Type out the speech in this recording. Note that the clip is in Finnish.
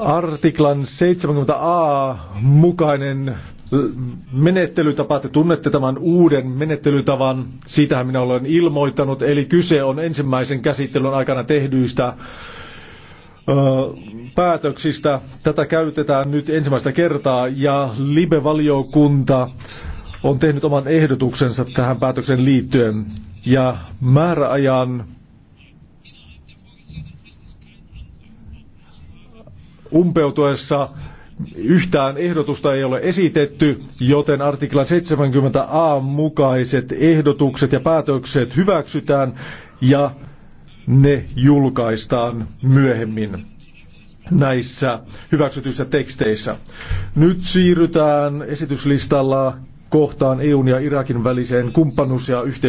artiklan 70a mukainen menettelytapa, te tunnette tämän uuden menettelytavan, siitähän minä olen ilmoittanut, eli kyse on ensimmäisen käsittelyn aikana tehdyistä päätöksistä. Tätä käytetään nyt ensimmäistä kertaa ja Libe-valiokunta on tehnyt oman ehdotuksensa tähän päätöksen liittyen ja määräajan umpeutuessa Yhtään ehdotusta ei ole esitetty, joten artiklan 70a mukaiset ehdotukset ja päätökset hyväksytään ja ne julkaistaan myöhemmin näissä hyväksytyissä teksteissä. Nyt siirrytään esityslistalla kohtaan EUn ja Irakin väliseen kumppanuus- ja yhteistyöhön.